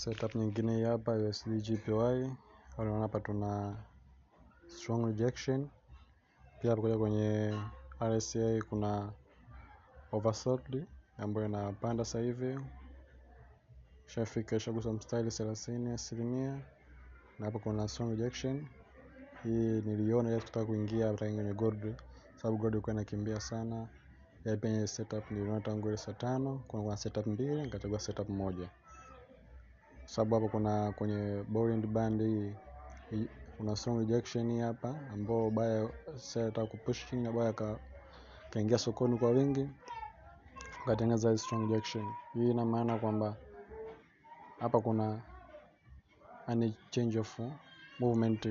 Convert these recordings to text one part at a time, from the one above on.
Setup nyingine hii hapa USD GPY. Unaona hapa tuna strong rejection. Pia kuja kwenye RSI kuna oversold ambayo inapanda sasa hivi. Shafika ishagusa mstari 30 asilimia na hapo kuna strong rejection. Hii niliona ile tutaka kuingia hata kwenye gold sababu gold ilikuwa inakimbia sana. Ya pia setup niliona tangu ile saa tano kuna kuna setup mbili nikachagua setup moja sababu hapa kuna kwenye bond band hii kuna strong rejection hii hapa ambao baya sasa ataka kupush chini na baya ka kaingia sokoni kwa wingi ukatengeneza strong rejection hii ina maana kwamba hapa kuna any change of movement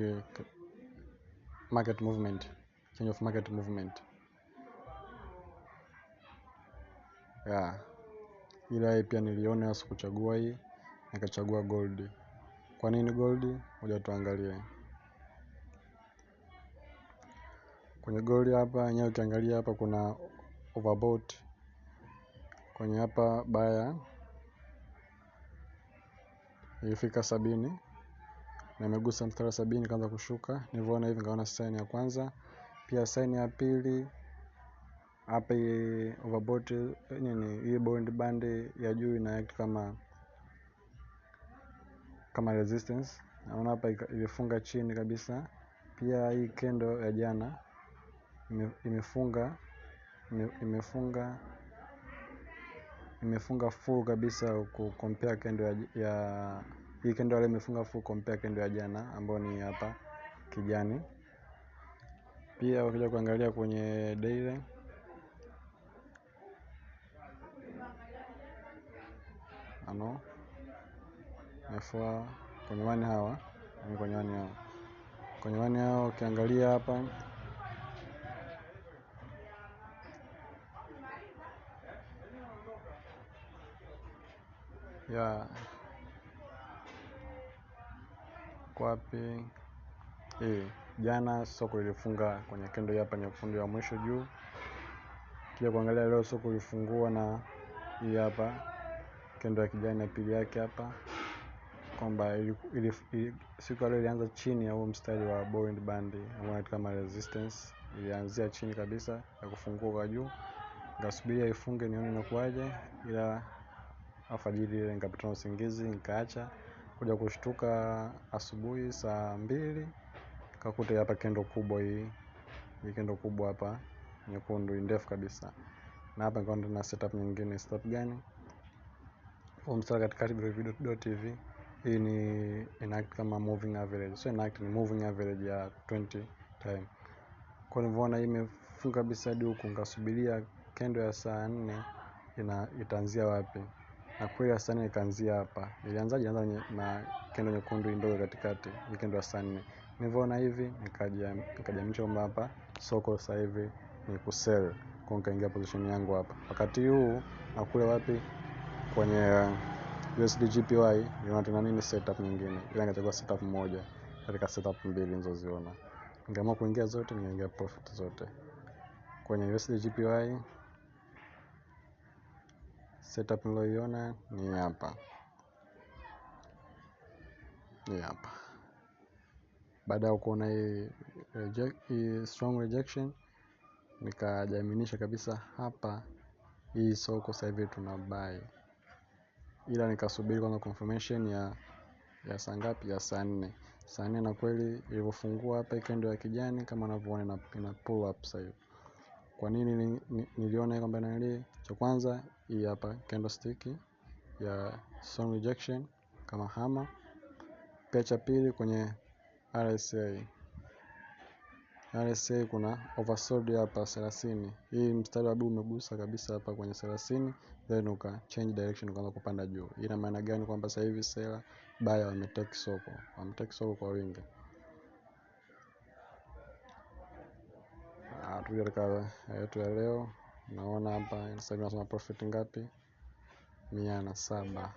market movement change of market movement yeah ila hii pia niliona sikuchagua hii nikachagua gold. Kwa nini gold? Ngoja tuangalie. Kwenye gold hapa yenyewe ukiangalia hapa kuna overbought. Kwenye hapa baya ilifika sabini na imegusa mstari wa sabini ikaanza kushuka. Nilivyoona hivi nikaona sign ya kwanza, pia sign ya pili hapa overbought nini hii bond band ya juu ina act kama kama resistance naona hapa imefunga chini kabisa pia hii kendo ya jana imefunga imefunga imefunga full kabisa compare kendo ya, ya hii kendo ile imefunga full compare kendo ya jana ambayo ni hapa kijani pia ukija kuangalia kwenye daily ano F1 konyewani hawa konyewani hawa konyewani hawa, ukiangalia hapa ya kwapi eh, jana soko ilifunga kwenye kendo hapa nyekundu ya mwisho juu. Kia kuangalia leo soko ilifungua na hii hapa kendo ya kijani ya pili yake hapa kwamba siku leo ilianza chini ya huo mstari wa bowing band ambao inaitwa kama resistance ilianzia chini kabisa ya kufungua kwa juu nikasubiria ifunge nione inakuwaje ila alfajiri ile nikapita usingizi nikaacha kuja kushtuka asubuhi saa mbili kakuta hapa kendo kubwa hii hii kendo kubwa hapa nyekundu ndefu kabisa na hapa nikawa na setup nyingine setup gani huu mstari katikati Brevido.tv hii ni enact kama moving average so enact ni moving average ya 20 time kwa hivyo nilivyoona imefunga kabisa hadi huku ngasubiria kendo ya saa nne ina itaanzia wapi na kweli saa nne ikaanzia hapa ilianza ilianza na kendo nyekundu ndogo katikati ni kendo ya saa nne nilivyoona hivi nikajamisha kwamba hapa soko sasa hivi ni kusell kwa nikaingia position yangu hapa wakati huu nakula wapi kwenye uh, USD GPY inatumia nini setup nyingine, ila ingechagua setup moja katika setup mbili nilizoziona. Ningeamua kuingia zote, ningeingia profit zote kwenye USD GPY. Setup niliyoiona ni hapa, ni hapa. Baada ya kuona hii strong rejection, nikajaminisha kabisa hapa, hii soko sasa hivi tuna buy ila nikasubiri kwanza confirmation ya ya saa ngapi ya saa nne saa nne na kweli ilivyofungua hapa ikendo ya kijani kama unavyoona ina, ina pull up sasa hivi kwa nini niliona ni, kwamba nani cha kwanza hii hapa candlestick ya song rejection kama hama pia cha pili kwenye RSI RSA yaani kuna oversold hapa 30. Hii mstari wa blue umegusa kabisa hapa kwenye 30 then uka change direction ukaanza kupanda juu. Ina maana gani? Kwamba sasa hivi sela baya wametake soko, wametake soko kwa wingi. Ah, tuja katika eh, yetu ya leo, naona hapa Instagram nasema profit ngapi? mia na saba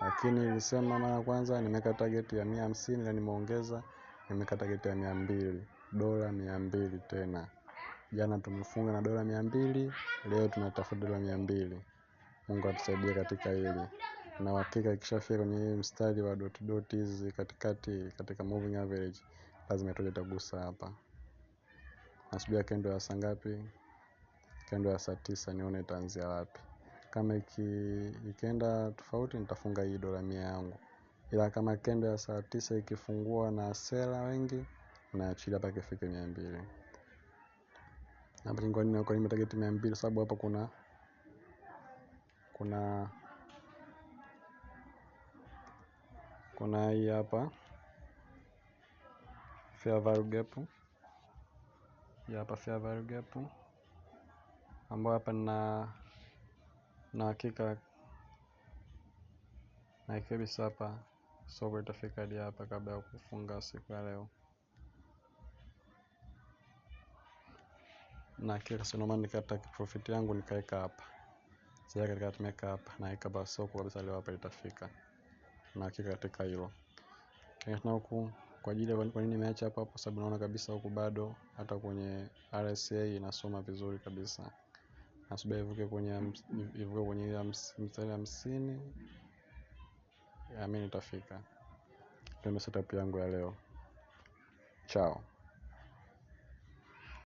lakini nilisema mara ya kwanza nimeweka target ya mia hamsini na nimeongeza nimeweka target ya mia mbili dola mia mbili tena. Jana tumefunga na dola mia mbili, leo tunatafuta dola mia mbili. Mungu atusaidie katika hili. Na uhakika ikishafika kwenye hii mstari wa dot dot hizi katikati katika moving average lazima itoje itagusa hapa. Nasubiri kendo ya saa ngapi? Kendo ya saa tisa nione itaanzia wapi. Kama iki, ikienda tofauti nitafunga hii dola mia yangu. Ila kama kendo ya saa tisa ikifungua na sela wengi unaachilia mpaka ifike mia mbili hapa ni mia mbili sababu hapa kuna kuna kuna hii hapa fair value gap hii hapa fair value gap ambayo hapa na na hakika na kabisa hapa soko itafika hadi hapa kabla ya kufunga siku ya leo. na kile noma nikata profit yangu nikaeka hapa. Sasa katika tumeka hapa naeka basi soko kabisa leo hapa itafika Na hakika katika hilo. Kenya huku kwa ajili ya kwa nini nimeacha hapa hapo sababu naona kabisa huku bado hata kwenye RSA inasoma vizuri kabisa. Nasubiri ivuke kwenye ivuke kwenye mstari hamsini amini itafika. Ndio setup yangu ya leo. Chao.